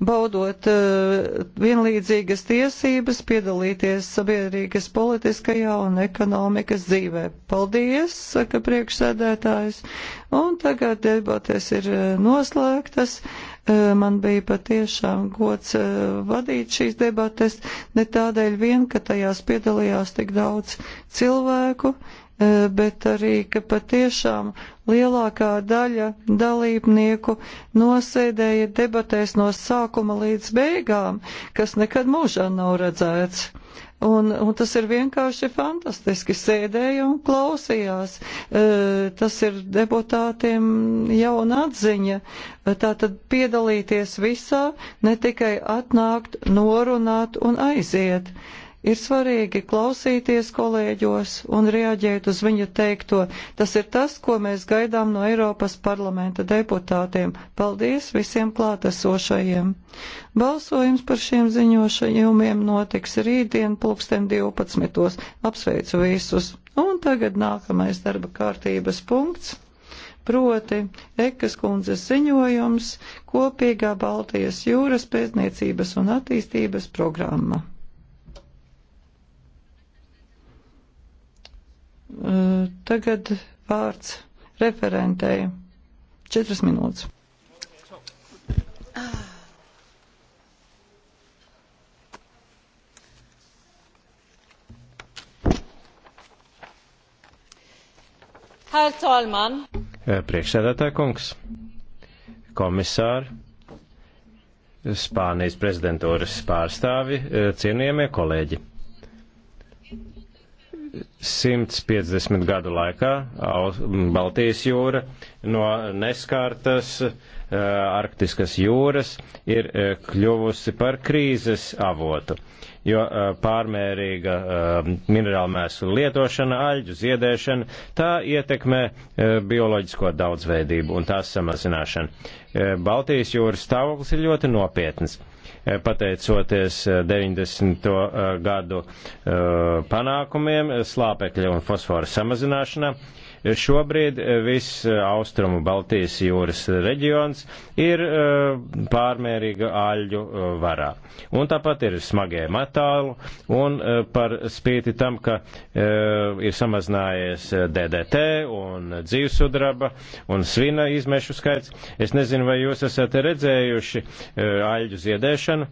baudot eh, vienlīdzīgas tiesības, piedalīties sabiedrīgas politiskajā un ekonomikas dzīvē. Paldies, saka priekšsēdētājs. Un tagad debates ir eh, noslēgtas. Eh, man bija patiešām gods vadīt šīs debates, ne tādēļ vien, ka tajās piedalījās tik daudz cilvēku, Eh, bet arī, ka patiešām lielākā daļa dalībnieku nosēdēja debatēs no sākuma līdz beigām, kas nekad mūžā nav redzēts. Un, un tas ir vienkārši fantastiski. Sēdēja un klausījās. E, tas ir deputātiem jauna atziņa. E, eh, tā tad piedalīties visā, ne tikai atnākt, norunāt un aiziet. E, Ir svarīgi klausīties kolēģos un reaģēt uz viņu teikto. Tas ir tas, ko mēs gaidām no Eiropas parlamenta deputātiem. Paldies visiem klātesošajiem! Balsojums par šiem ziņošajumiem notiks rītdien pulksten 12. Apsveicu visus! Un tagad nākamais darba kārtības punkts. Proti, Ekas kundzes ziņojums - kopīgā Baltijas jūras pētniecības un attīstības programma. Tagad vārds referentēja. Četras minūtes. Herr talman! Priekšsēdētāja kungs, komisāri, Spānijas prezidentūras pārstāvi, cienījamie kolēģi. 150 gadu laikā Baltijas jūra no neskārtas eh, Arktiskas jūras ir eh, kļuvusi par krīzes avotu, jo eh, pārmērīga minerāla mēslu lietošana, aļģu ziedēšana, tā ietekmē bioloģisko daudzveidību un tās samazināšanu. Baltijas jūras stāvoklis ir ļoti nopietns Eh, pateicoties 90. Eh, eh, gadu panākumiem slāpekļa un fosfora samazināšanā Šobrīd eh, viss eh, austrumu Baltijas jūras reģions ir eh, pārmērīga aļu varā. Un tāpat ir smagie metālu, un par spīti tam, ka ir samazinājies DDT un dzīvesudraba un svina izmešu skaits, es nezinu, vai jūs esat redzējuši aļu ziedēšanu.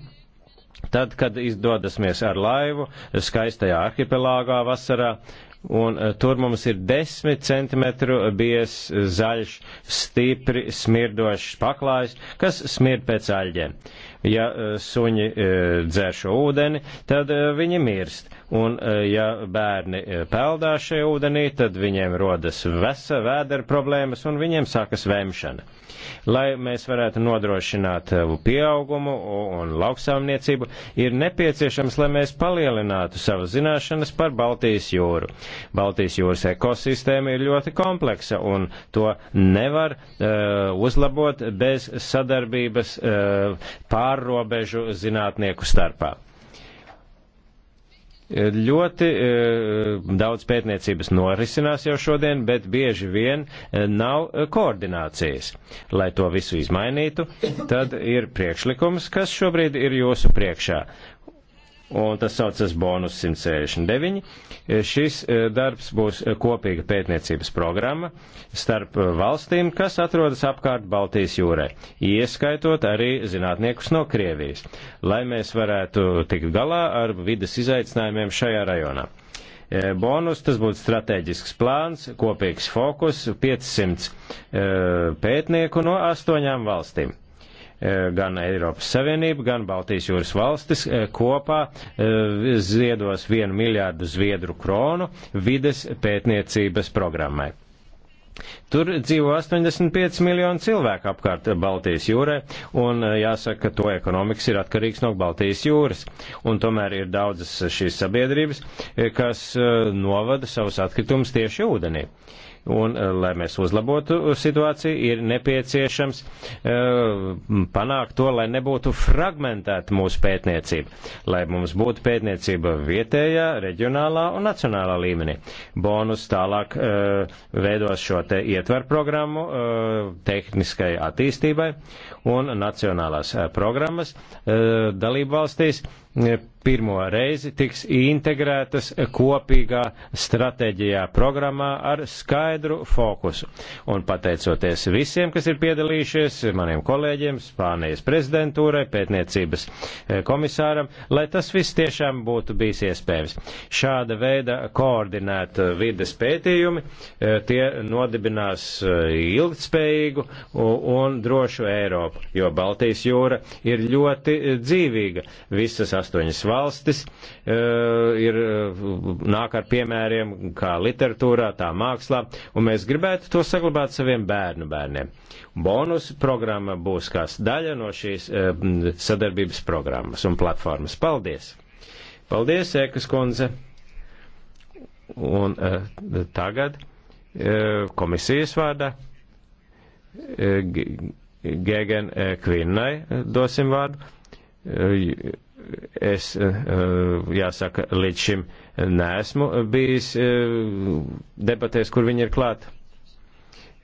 Tad, kad izdodasmies ar laivu skaistajā arhipelāgā vasarā, un e, tur mums ir desmit centimetru bies e, zaļš, stipri smirdošs paklājs, kas smird pēc aļģiem. Ja e, suņi dzēršo ūdeni, tad viņi mirst Un, e, ja bērni e, peldās šajā ūdenī, tad viņiem rodas vesa vēdera problēmas un viņiem sākas vēmšana. Lai mēs varētu nodrošināt e, pieaugumu un lauksaimniecību, ir nepieciešams, lai mēs palielinātu savas zināšanas par Baltijas jūru. Baltijas jūras ekosistēma ir ļoti kompleksa un to nevar uh, uzlabot bez sadarbības uh, pārrobežu zinātnieku starpā. Ļoti e, daudz pētniecības norisinās jau šodien, bet bieži vien e, nav e, koordinācijas. Lai to visu izmainītu, tad ir priekšlikums, kas šobrīd ir jūsu priekšā un tas saucas bonus 169. Šis e, darbs būs kopīga pētniecības programma starp valstīm, kas atrodas apkārt Baltijas jūrai, ieskaitot arī zinātniekus no Krievijas, lai mēs varētu tikt galā ar vidas izaicinājumiem šajā rajonā. E, bonus tas būtu strateģisks plāns, kopīgs fokus, 500 e, pētnieku no astoņām valstīm Eh, gan Eiropas Savienība, gan Baltijas jūras valstis eh, kopā eh, ziedos vienu miljārdu zviedru kronu vides pētniecības programmai. Tur dzīvo 85 miljoni cilvēku apkārt Baltijas jūrē, un jāsaka, ka to ekonomikas ir atkarīgs no Baltijas jūras. Un tomēr ir daudzas šīs sabiedrības, kas novada savus atkritumus tieši ūdenī. Un, eh, lai mēs uzlabotu situāciju, ir nepieciešams eh, panākt to, lai nebūtu fragmentēta mūsu pētniecība, lai mums būtu pētniecība vietējā, reģionālā un nacionālā līmenī. Bonus tālāk eh, veidos šo te ietver programmu tehniskai attīstībai un nacionālās programmas dalību valstīs pirmo reizi tiks integrētas kopīgā stratēģijā programmā ar skaidru fokusu. Un pateicoties visiem, kas ir piedalījušies, maniem kolēģiem, Spānijas prezidentūrai, pētniecības e, komisāram, lai tas viss tiešām būtu bijis iespējams. Šāda veida koordinēta vides pētījumi, e, tie nodibinās e, ilgtspējīgu un drošu Eiropu, jo Baltijas jūra ir ļoti dzīvīga. Visas 28 valstis ir, nāk ar piemēriem kā literatūrā, tā mākslā, un mēs gribētu to saglabāt saviem bērnu bērniem. Bonus programma būs kā daļa no šīs sadarbības programmas un platformas. Paldies! Paldies, Ekas kundze! Un tagad komisijas vārdā. Gegen Kvinnai dosim vārdu es, eh, eh, jāsaka, līdz šim neesmu bijis eh, debatēs, kur viņi ir klāt.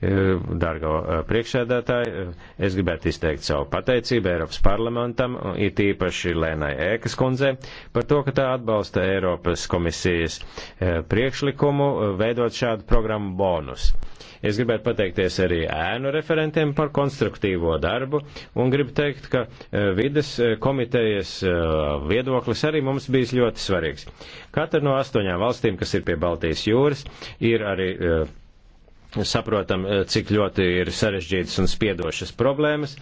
Eh, Dārgo eh, priekšsēdētāji, eh, es gribētu izteikt savu pateicību Eiropas parlamentam, it īpaši Lēnai Ēkas kundzei, par to, ka tā atbalsta Eiropas komisijas priekšlikumu veidot šādu programmu bonus. Es gribētu pateikties arī ēnu referentiem par konstruktīvo darbu un gribu teikt, ka vides komitejas viedoklis arī mums bijis ļoti svarīgs. Katra no astoņām valstīm, kas ir pie Baltijas jūras, ir arī saprotam, eh, cik ļoti ir sarežģītas un spiedošas problēmas,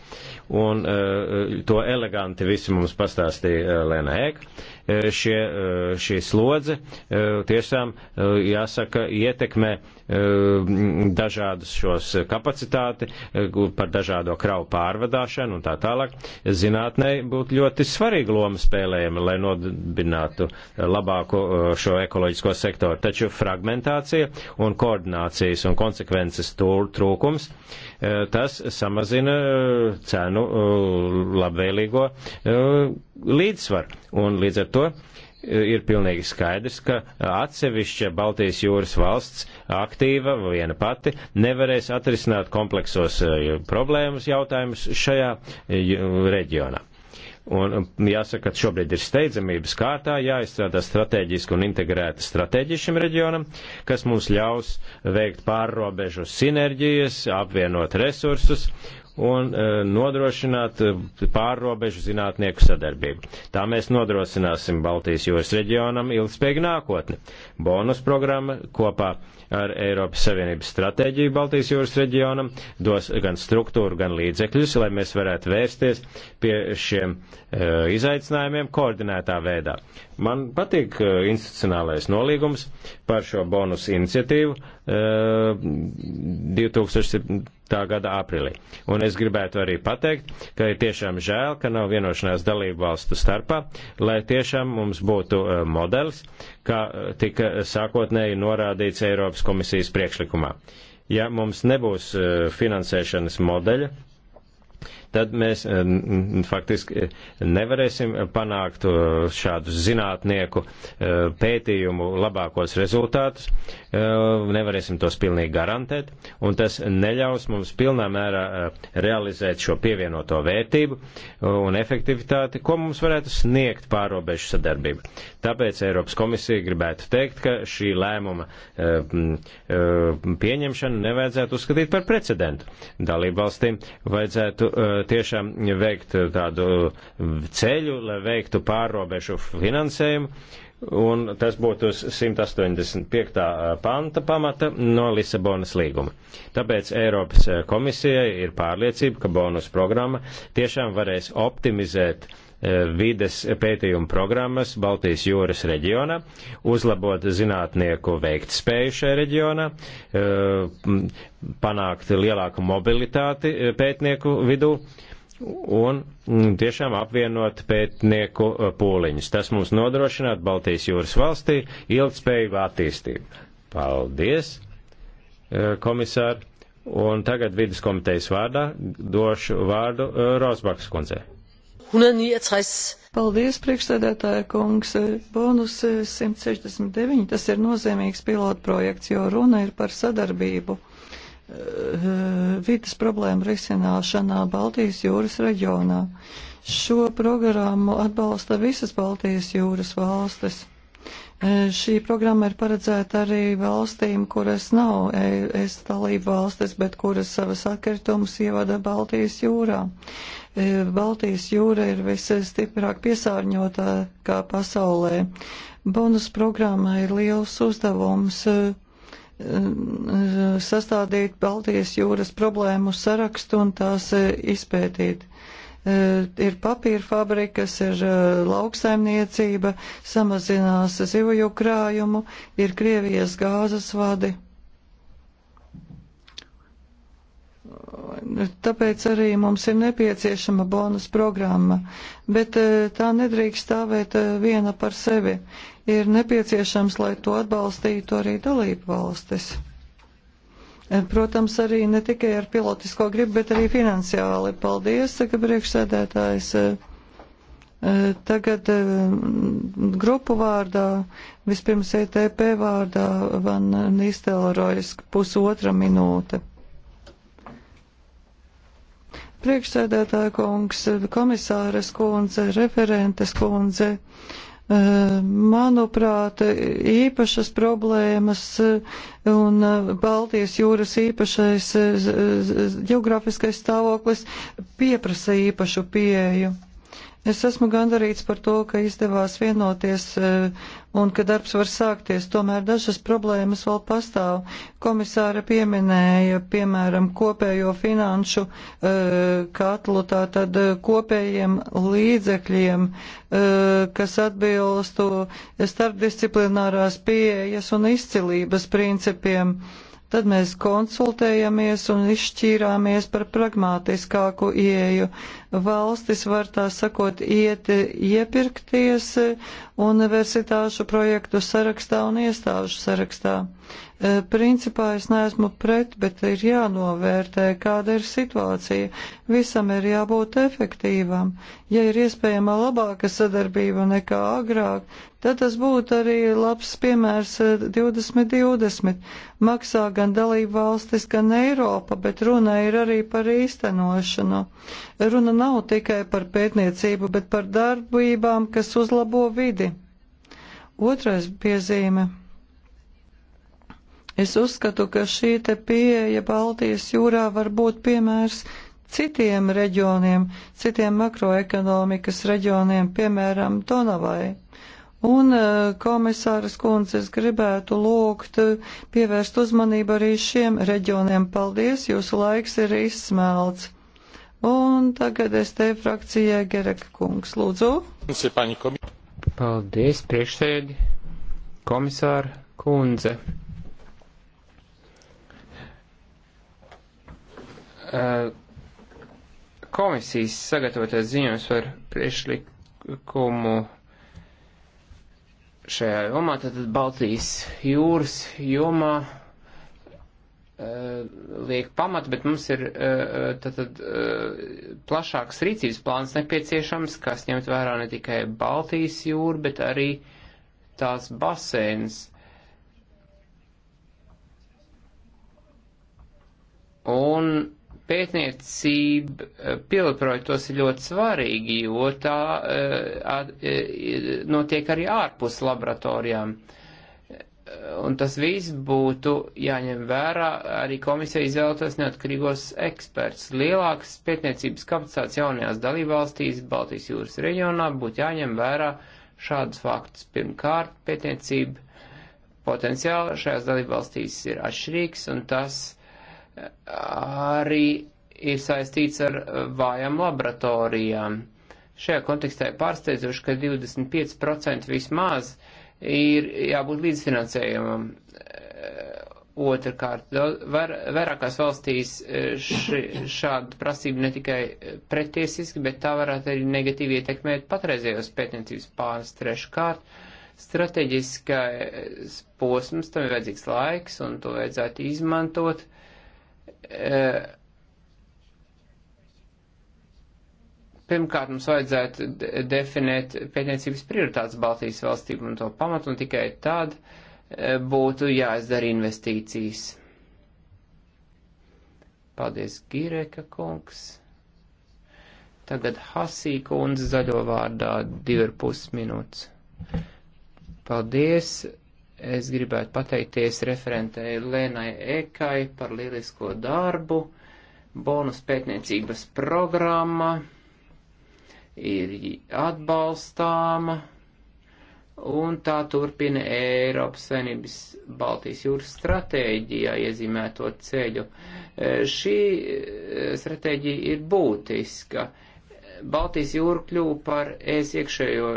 un eh, to eleganti visi mums pastāstīja eh, Lēna Ēka. Šie, šī slodze tiešām, jāsaka, ietekmē dažādus šos kapacitāti par dažādo kravu pārvadāšanu un tā tālāk. Zinātnē būtu ļoti svarīga loma spēlējama, lai nodibinātu labāku šo ekoloģisko sektoru. Taču fragmentācija un koordinācijas un konsekvences konsekvences trūkums, e, tas samazina e, cenu e, labvēlīgo līdzsvaru. Un līdz ar to ir pilnīgi skaidrs, ka atsevišķa Baltijas jūras valsts aktīva viena pati nevarēs atrisināt kompleksos problēmas jautājumus šajā reģionā. Un um, jāsaka, ka šobrīd ir steidzamības kārtā jāizstrādā strateģiski un integrēta stratēģija šim reģionam, kas mums ļaus veikt pārrobežu sinerģijas, apvienot resursus un e, nodrošināt e, pārrobežu zinātnieku sadarbību. Tā mēs nodrošināsim Baltijas jūras reģionam ilgspējīgu nākotni. Bonus programma kopā ar Eiropas Savienības stratēģiju Baltijas jūras reģionam dos gan struktūru, gan līdzekļus, lai mēs varētu vērsties pie šiem e, izaicinājumiem koordinētā veidā. Man patīk institucionālais nolīgums par šo bonusu iniciatīvu 2017 gada aprīlī. Un es gribētu arī pateikt, ka ir tiešām žēl, ka nav vienošanās dalību valstu starpā, lai tiešām mums būtu eh, modelis, kā eh, tika sākotnēji norādīts Eiropas komisijas priekšlikumā. Ja mums nebūs eh, finansēšanas modeļa, tad mēs eh, faktiski eh, nevarēsim panākt eh, šādu zinātnieku pētījumu labākos rezultātus, nevarēsim tos pilnīgi garantēt, un tas neļaus mums pilnā mērā realizēt šo pievienoto vērtību un efektivitāti, ko mums varētu sniegt pārobežu sadarbība. Tāpēc Eiropas komisija gribētu teikt, ka šī lēmuma pieņemšanu nevajadzētu uzskatīt par precedentu. Dalībvalstīm vajadzētu tiešām veikt tādu ceļu, lai veiktu pārrobežu finansējumu, un tas būtu uz 185. panta pamata no Lisabonas līguma. Tāpēc Eiropas komisijai ir pārliecība, ka bonus programma tiešām varēs optimizēt uh, vides pētījuma programmas Baltijas jūras reģiona, uzlabot zinātnieku veikt spēju šajā reģionā, eh, panākt lielāku mobilitāti eh, pētnieku vidū un mm, tiešām apvienot pētnieku eh, pūliņus. Tas mums nodrošināt Baltijas jūras valstī ilgspējīgu attīstību. Paldies, komisār! Un tagad vidas komitejas vārdā došu vārdu Rosbaks kundzei. 169. Paldies, priekšsēdētāja kungs. Bonus 169, tas ir nozīmīgs pilotprojekts, jo runa ir par sadarbību eh, vidas problēmu risināšanā Baltijas jūras reģionā. Šo programmu atbalsta visas Baltijas jūras valstis. E, šī programma ir paredzēta arī valstīm, kuras nav es dalību valstis, bet kuras savas atkritumus ievada Baltijas jūrā. E, Baltijas jūra ir visstiprāk piesārņotākā pasaulē. Bonus programma ir liels uzdevums e, sastādīt Baltijas jūras problēmu sarakstu un tās izpētīt ir papīra fabrikas, ir lauksaimniecība, samazinās zivju krājumu, ir Krievijas gāzes vadi. Tāpēc arī mums ir nepieciešama bonus programma, bet tā nedrīkst stāvēt viena par sevi. Ir nepieciešams, lai to atbalstītu arī dalību valstis. Protams, arī ne tikai ar pilotisko gribu, bet arī finansiāli. Paldies, saka priekšsēdētājs. Tagad mm, grupu vārdā, vispirms ETP vārdā, Van Nistelrojas pusotra minūte. Priekšsēdētāja kungs, komisāres kundze, referentes kundze. Uh, Manuprāt, īpašas problēmas un Baltijas jūras īpašais geogrāfiskais stāvoklis pieprasa īpašu pieeju. Es esmu gandarīts par to, ka izdevās vienoties e, un ka darbs var sākties, tomēr dažas problēmas vēl pastāv. Komisāra pieminēja, piemēram, kopējo finanšu e, katlu, tātad e, kopējiem līdzekļiem, kas atbilstu starpdisciplinārās pieejas un izcilības principiem. Tad mēs konsultējamies un izšķīrāmies par pragmātiskāku ieju. Valstis var tā sakot iet iepirkties universitāšu projektu sarakstā un iestāžu sarakstā. E, principā es neesmu pret, bet ir jānovērtē, kāda ir situācija. Visam ir jābūt efektīvam. Ja ir iespējama labāka sadarbība nekā agrāk, tad tas būtu arī labs piemērs 2020. Eh, Maksā gan dalību valstis, gan Eiropa, bet runa ir arī par īstenošanu. Runa nav tikai par pētniecību, bet par darbībām, kas uzlabo vidi. Otrais piezīme. Es uzskatu, ka šī te pieeja Baltijas jūrā var būt piemērs citiem reģioniem, citiem makroekonomikas reģioniem, piemēram, Donavai. Un, eh, komisāras kundze, es gribētu lūgt eh, pievērst uzmanību arī šiem reģioniem. Paldies, jūsu laiks ir izsmelts. Un tagad es te frakcijai Gereka kungs. Lūdzu. Paldies, priekšsēdi, komisāra kundze. Eh, komisijas sagatavotais ziņojums par priekšlikumu šajā jomā, tātad Baltijas jūras jomā eh, liek pamatu, bet mums ir eh, tātad eh, plašāks rīcības plāns nepieciešams, kas ņemt vērā ne tikai Baltijas jūru, bet arī tās basēnas. Un pētniecība eh, pilotprojektos ir ļoti svarīgi, jo tā eh, at, eh, notiek arī ārpus laboratorijām. Un tas viss būtu jāņem vērā arī komisija izvēlētos neatkarīgos eksperts. Lielākas pētniecības kapacitātes jaunajās dalībvalstīs Baltijas jūras reģionā būtu jāņem vērā šādus faktus. Pirmkārt, pētniecība potenciāli šajās dalībvalstīs ir atšķirīgs un tas uh, arī ir saistīts ar vājām laboratorijām. Šajā kontekstā ir pārsteidzoši, ka 25% vismaz ir jābūt līdzfinansējumam. Otrakārt, var, vairākās valstīs e, ši, šāda prasība ne tikai pretiesiski, bet tā varētu arī negatīvi ietekmēt patreizējos pētniecības pāris treškārt. Strateģiskais posms, tam ir vajadzīgs laiks un to vajadzētu izmantot. Uh, Eh, pirmkārt, mums vajadzētu definēt pētniecības prioritātes Baltijas valstīm un to pamatu, un tikai tad eh, būtu jāizdara investīcijas. Paldies, Gīreka kungs. Tagad Hasī kundze zaļo vārdā divi ar pus minūtes. Paldies. Es gribētu pateikties referentei Lēnai Ekai par lielisko darbu. Bonus pētniecības programma ir atbalstāma un tā turpina Eiropas Savienības Baltijas jūras stratēģijā iezīmēto ceļu. Šī eh, stratēģija ir būtiska. Uh, Baltijas jūra kļuva par es iekšējo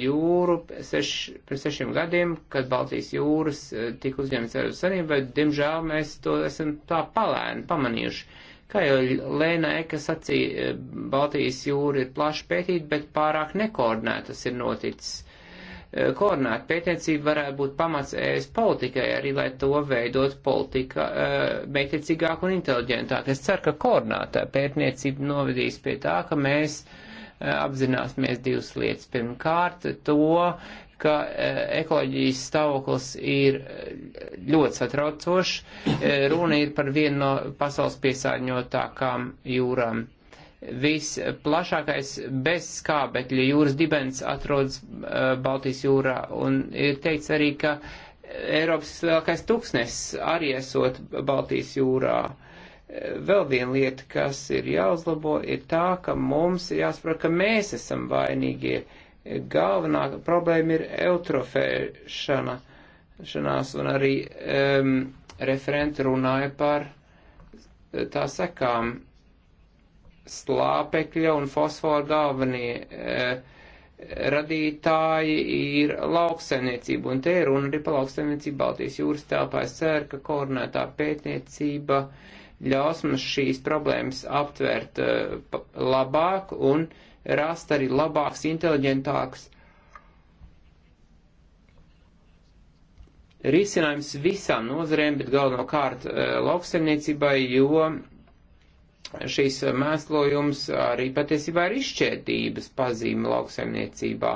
jūru seš, pirms sešiem gadiem, kad Baltijas jūras eh, tika uzņemts Eiropas Savienība, bet, diemžēl, mēs to esam tā palēni pamanījuši. Kā jau Lēna Eka sacīja, eh, Baltijas jūra ir plaši pētīta, bet pārāk nekoordinētas ir noticis. Eh, koordinēt. Pētniecība varētu būt pamats ES politikai, arī lai to veidot politika eh, mētiecīgāk un inteliģentāk. Es ceru, ka koordinātā pētniecība novedīs pie tā, ka mēs eh, apzināsimies divas lietas. Pirmkārt, to, ka ekoloģijas stāvoklis ir ļoti satraucošs. Runa ir par vienu no pasaules piesārņotākām jūrām Visplašākais bezskābekļa jūras dibens atrodas eh, Baltijas jūrā un ir teikts arī, ka Eiropas lielākais tūkstnesis arī esot Baltijas jūrā. Eh, vēl viena lieta, kas ir jāuzlabo, ir tā, ka mums ir jāsaprot, ka mēs esam vainīgie. Galvenā problēma ir eutrofēšana šanās, un arī um, referenti runāja par eh, tā sekām slāpekļa un fosfora galvenie eh, radītāji ir lauksaimniecība, un te ir runa arī par lauksaimniecību Baltijas jūras telpā. Es ceru, ka koordinētā pētniecība ļaus mums šīs problēmas aptvert eh, labāk un rast arī labāks, inteliģentāks risinājums visām nozarēm, bet galvenokārt eh, lauksaimniecībai, jo šīs mēslojums arī patiesībā ir izšķētības pazīme lauksaimniecībā.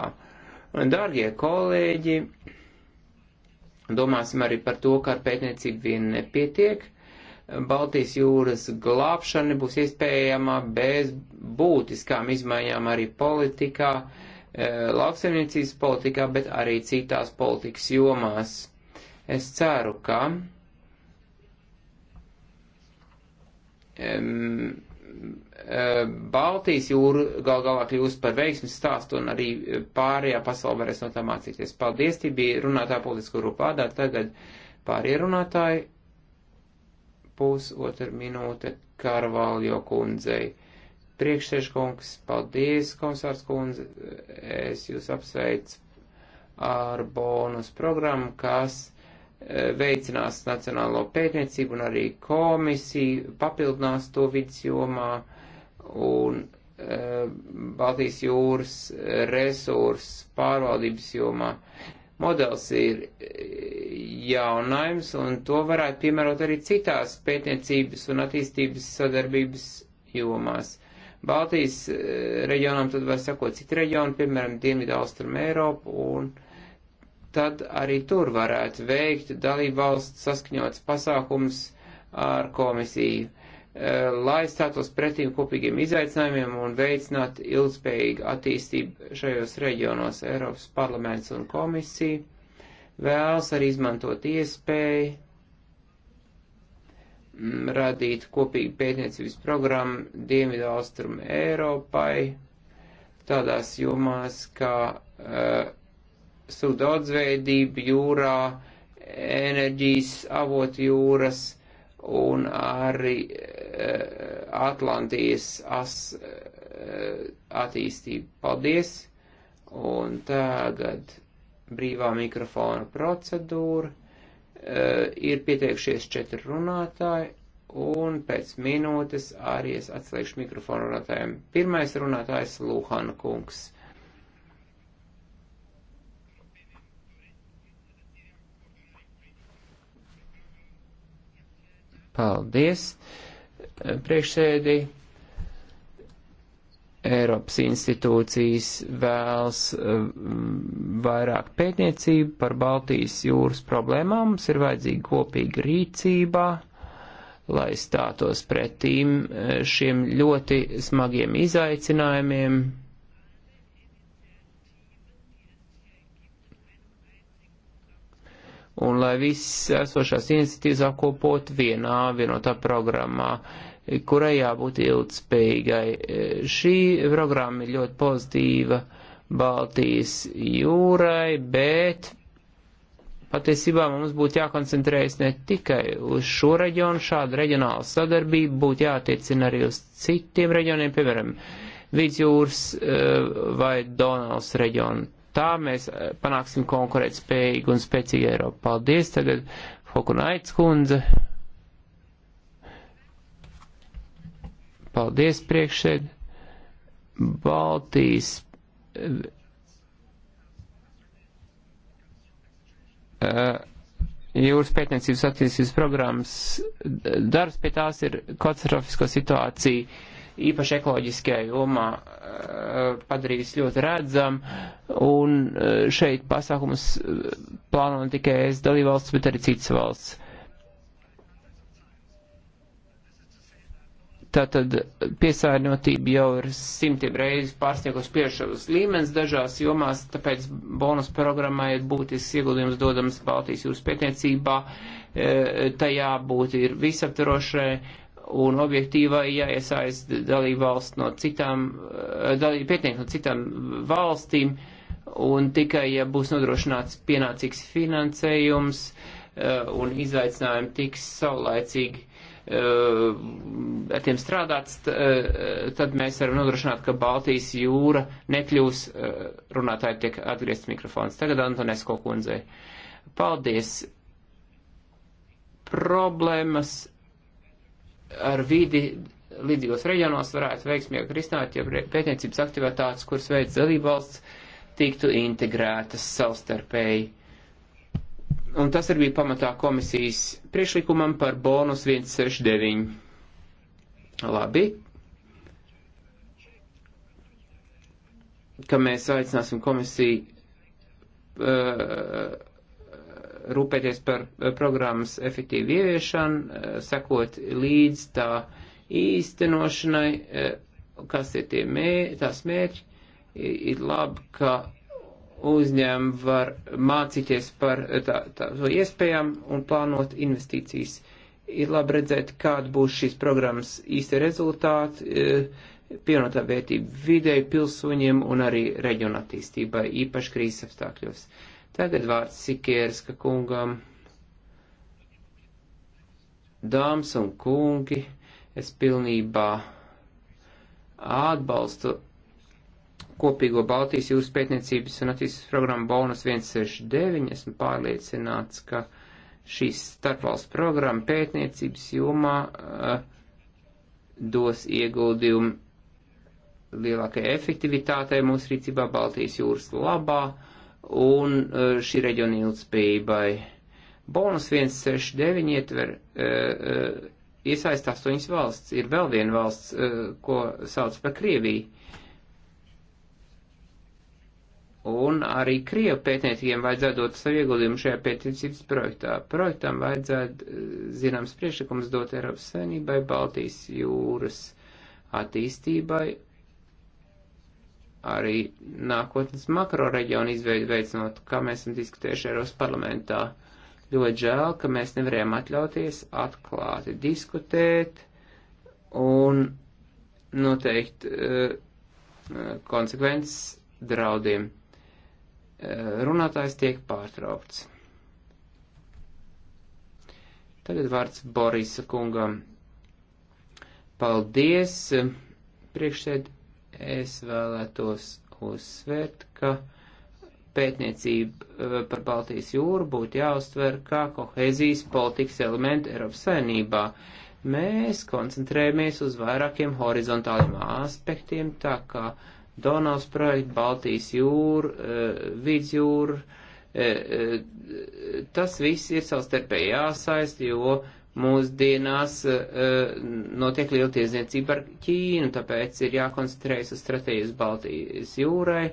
Dārgie kolēģi, domāsim arī par to, ka ar pētniecību vien nepietiek. Baltijas jūras glābšana būs iespējama bez būtiskām izmaiņām arī politikā, eh, lauksaimniecības politikā, bet arī citās politikas jomās. Es ceru, ka um, Baltijas jūra gal galā kļūst par veiksmes stāstu un arī pārējā pasaule varēs no tā mācīties. Paldies, tie bija runātāja politisko rūpādā, tagad pārējie runātāji pusotra minūte Karvaljo kundzei. Priekšsēžkungs, paldies, komisārs kundze, es jūs apsveicu ar bonus programmu, kas Eh, veicinās nacionālo pētniecību un arī komisiju papildinās to vidas jomā un e, Baltijas jūras eh, resursu pārvaldības jomā. Modelis ir jaunājums un to varētu piemērot arī citās pētniecības un attīstības sadarbības jomās. Baltijas reģionam tad var sakot citi reģioni, piemēram, Dienvidu Austrum Eiropu un uh, tad arī tur varētu veikt dalību valsts saskaņots pasākums ar komisiju, eh, lai stātos pretīm kopīgiem izaicinājumiem un veicināt ilgspējīgu attīstību šajos reģionos. Eiropas parlaments un komisija vēlas arī izmantot iespēju mm, radīt kopīgu pētniecības programmu Dienvidu Austrumu Eiropai tādās jomās, kā uh, su daudzveidību jūrā, enerģijas avotu jūras un arī e, Atlantijas as e, attīstību. Paldies! Un tagad brīvā mikrofona procedūra. E, ir pieteikšies četri runātāji, un pēc minūtes arī es atslēgšu mikrofonu runātājiem. Pirmais runātājs Lūhana kungs. Paldies, priekšsēdī. Eiropas institūcijas vēlas mm, vairāk pētniecību par Baltijas jūras problēmām. Mums ir vajadzīga kopīga rīcība, lai stātos pretīm eh, šiem ļoti smagiem izaicinājumiem un lai visas esošās iniciatīvas apkopot vienā vienotā programmā, kurai jābūt ilgspējīgai. E, šī programma ir ļoti pozitīva Baltijas jūrai, bet patiesībā mums būtu jākoncentrējas ne tikai uz šo reģionu, šāda reģionāla sadarbība būtu jātiecina arī uz citiem reģioniem, piemēram, Vidzjūras e, vai Donals reģionu Tā mēs eh, panāksim konkurēt spējīgu un spēcīgu Eiropu. Paldies tagad, Fokunaits kundze. Paldies priekšēd. Baltijas eh, jūras pētniecības attīstības programmas darbs pie tās ir katastrofisko situāciju īpaši ekoloģiskajā jomā eh, padarījis ļoti redzam, un eh, šeit pasākumus eh, plāno ne tikai es dalībvalsts, bet arī citas valsts. Tātad piesārņotība jau ir simtiem reizes pārsniegus piešavas līmenis dažās jomās, tāpēc bonus programmai ir būtisks ieguldījums dodams Baltijas jūras pētniecībā, tajā būtu ir visaptarošai un objektīvai jāiesaist dalību valsts no citām, eh, dalību pietiek no citām valstīm, un tikai, ja būs nodrošināts pienācīgs finansējums eh, un izaicinājumi tiks saulaicīgi eh, ar tiem strādāts, tad mēs varam nodrošināt, ka Baltijas jūra nekļūs, runātāji tiek atgriezts mikrofons. Tagad Antonesko kundzei. Paldies! Problēmas ar vidi līdzīgos reģionos varētu veiksmīgi risināt, ja pētniecības aktivitātes, kuras veids dalībvalsts, tiktu integrētas savstarpēji. Un tas arī bija pamatā komisijas priešlikumam par bonus 169. Labi. Ka mēs aicināsim komisiju. Uh, rūpēties par eh, programmas efektīvu ieviešanu, eh, sekot līdz tā īstenošanai, eh, kas ir tie mērķi, tās mērķi. Ir labi, ka uzņēmumi var mācīties par tā, tā, to iespējām un plānot investīcijas. Ir labi redzēt, kāda būs šīs programmas īsti rezultāti, pievienotā vērtība videi, pilsoņiem un arī reģionattīstībai, īpaši krīzes apstākļos. Uh, Tagad vārds Sikierska kungam. Dāmas un kungi, es pilnībā atbalstu kopīgo Baltijas jūras pētniecības un attīstības programmu Bonus 169. Esmu pārliecināts, ka šīs starpvalsts programma pētniecības jomā uh, dos ieguldījumu lielākai efektivitātei mūsu rīcībā Baltijas jūras labā. Uh, un eh, šī reģiona ilgspējībai. Bonus 169 ietver eh, eh, iesaist astoņas valsts. Ir vēl viena valsts, ko sauc par Krieviju. Un arī Krievu pētniekiem vajadzētu dot savu ieguldījumu šajā pētniecības projektā. Projektam vajadzētu zināms priekšlikums dot Eiropas Savienībai, Baltijas jūras attīstībai arī nākotnes makroreģionu izveidu veicinot, kā mēs esam diskutējuši Eiropas parlamentā. Ļoti žēl, ka mēs nevarējām atļauties atklāti diskutēt un noteikt uh, konsekvences draudiem. Uh, runātājs tiek pārtraukts. Tagad vārds Borisa kungam. Paldies, priekšsēd es vēlētos uzsvērt, ka pētniecība eh, par Baltijas jūru būtu jāuztver kā kohēzijas politikas elementu Eiropas saimnībā. Mēs koncentrējamies uz vairākiem horizontāliem aspektiem, tā kā Donavs projekts, Baltijas jūra, eh, Vidzjūra, eh, tas viss ir savstarpēji jāsaist, jo mūsdienās uh, notiek liela tiesniecība ar Ķīnu, tāpēc ir jākoncentrējas uz stratēģijas Baltijas jūrai,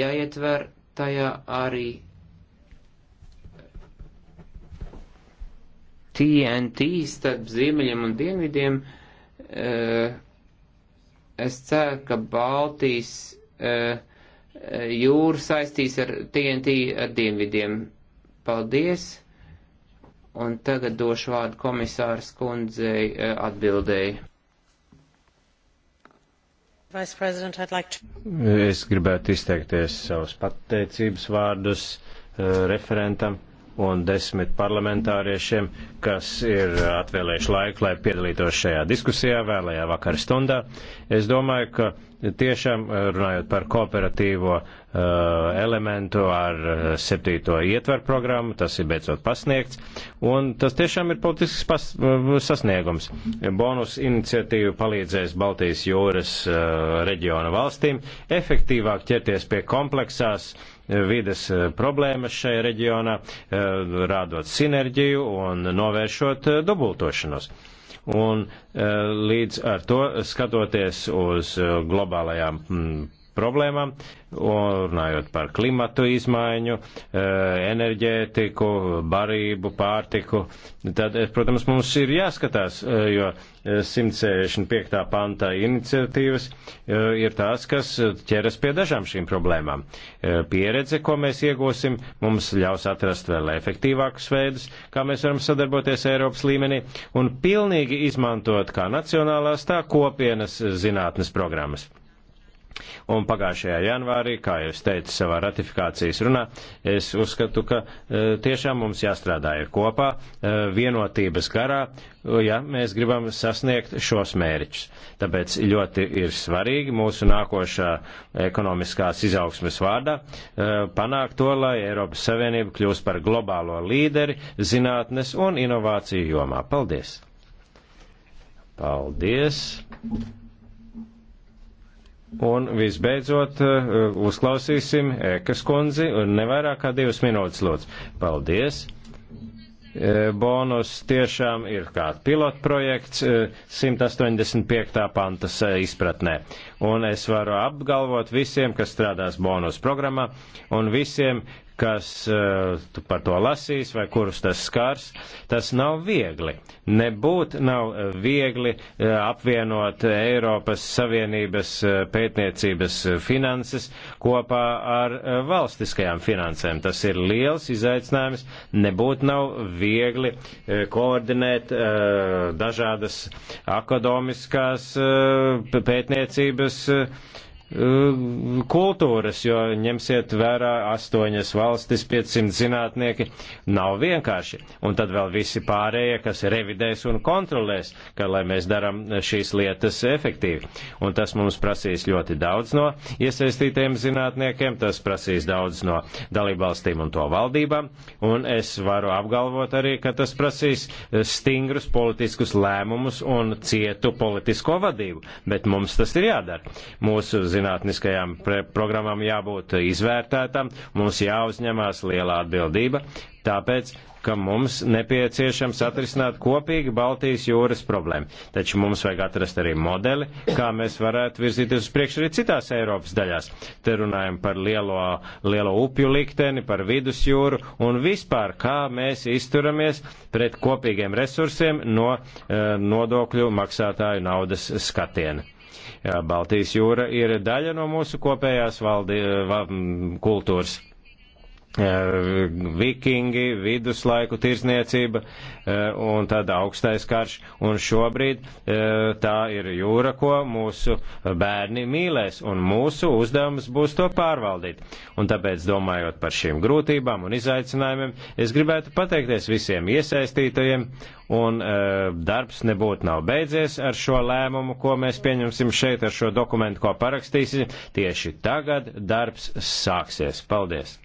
jāietver tajā arī TNT starp ziemeļiem un dienvidiem. Uh, es ceru, ka Baltijas uh, jūra saistīs ar TNT ar dienvidiem. Paldies! Un tagad došu vārdu komisāras kundzei eh, atbildēji. Like to... Es gribētu izteikties savus pateicības vārdus eh, referentam un desmit parlamentāriešiem, kas ir atvēlējuši laiku, lai piedalītos šajā diskusijā vēlējā vakara stundā. Es domāju, ka tiešām runājot par kooperatīvo uh, elementu ar eh, septīto ietveru programmu, tas ir beidzot pasniegts, un tas tiešām ir politisks pas, eh, sasniegums. Bonus iniciatīva palīdzēs Baltijas jūras uh, reģiona valstīm efektīvāk ķerties pie kompleksās uh, vides eh, problēmas šajā reģionā, eh, rādot sinerģiju un novēršot eh, dubultošanos. Un līdz ar to skatoties uz globālajām mm, problēmām, runājot par klimatu izmaiņu, e, enerģētiku, barību, pārtiku, tad, e, protams, mums ir jāskatās, e, jo 165. pantā iniciatīvas ir tās, kas ķeras pie dažām šīm problēmām. Pieredze, ko mēs iegūsim, mums ļaus atrast vēl efektīvākus veidus, kā mēs varam sadarboties Eiropas līmenī un pilnīgi izmantot kā nacionālās, tā kopienas zinātnes programmas. Un pagājušajā janvārī, kā jau es teicu savā ratifikācijas runā, es uzskatu, ka e, tiešām mums jāstrādā ir kopā, e, vienotības garā, ja mēs gribam sasniegt šos mērķus. Tāpēc ļoti ir svarīgi mūsu nākošā ekonomiskās izaugsmes vārdā e, panākt to, lai Eiropas Savienība kļūst par globālo līderi zinātnes un inovāciju jomā. Paldies! Paldies! Un visbeidzot, eh, uzklausīsim Ekas kundzi un nevairāk kā divas minūtes lūdzu. Paldies! Eh, bonus tiešām ir kā pilotprojekts 185. Eh, pantas izpratnē. Un es varu apgalvot visiem, kas strādās bonus programmā un visiem, kas eh, par to lasīs vai kurus tas skars, tas nav viegli. Nebūt nav eh, viegli eh, apvienot Eiropas Savienības pētniecības finanses kopā ar valstiskajām finansēm. Tas ir liels izaicinājums. Nebūt nav viegli koordinēt dažādas akadēmiskās pētniecības kultūras, jo ņemsiet vērā astoņas valstis, 500 zinātnieki, nav vienkārši. Un tad vēl visi pārējie, kas revidēs un kontrolēs, ka, lai mēs daram šīs lietas efektīvi. Un tas mums prasīs ļoti daudz no iesaistītiem zinātniekiem, tas prasīs daudz no dalībvalstīm un to valdībām, un es varu apgalvot arī, ka tas prasīs stingrus politiskus lēmumus un cietu politisko vadību, bet mums tas ir jādara. Mūsu zinātniskajām programmām jābūt izvērtētam, mums jāuzņemās liela atbildība, tāpēc, ka mums nepieciešams atrisināt kopīgi Baltijas jūras problēmu. Taču mums vajag atrast arī modeli, kā mēs varētu virzīties uz priekšu arī citās Eiropas daļās. Te runājam par lielo, lielo upju likteni, par vidusjūru un vispār, kā mēs izturamies pret kopīgiem resursiem no e, nodokļu maksātāju naudas skatiena. Baltijas jūra ir daļa no mūsu kopējās valdi, va, kultūras. Eh, vikingi, viduslaiku tirzniecība eh, un tad augstais karš. Un šobrīd eh, tā ir jūra, ko mūsu bērni mīlēs, un mūsu uzdevums būs to pārvaldīt. Un tāpēc, domājot par šīm grūtībām un izaicinājumiem, es gribētu pateikties visiem iesaistītajiem, un darbs nebūtu nav beidzies ar šo lēmumu, ko mēs pieņemsim šeit ar šo dokumentu, ko parakstīsim. Tieši tagad darbs sāksies. Paldies!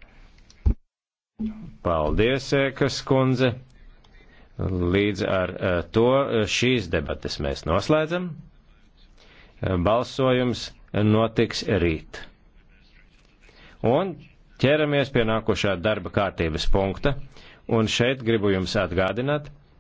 Paldies, Ekas kundze. Līdz ar eh, to eh, šīs debates mēs noslēdzam. Eh, balsojums notiks rīt. Un ķeramies pie nākošā darba kārtības punkta. Un šeit gribu jums atgādināt,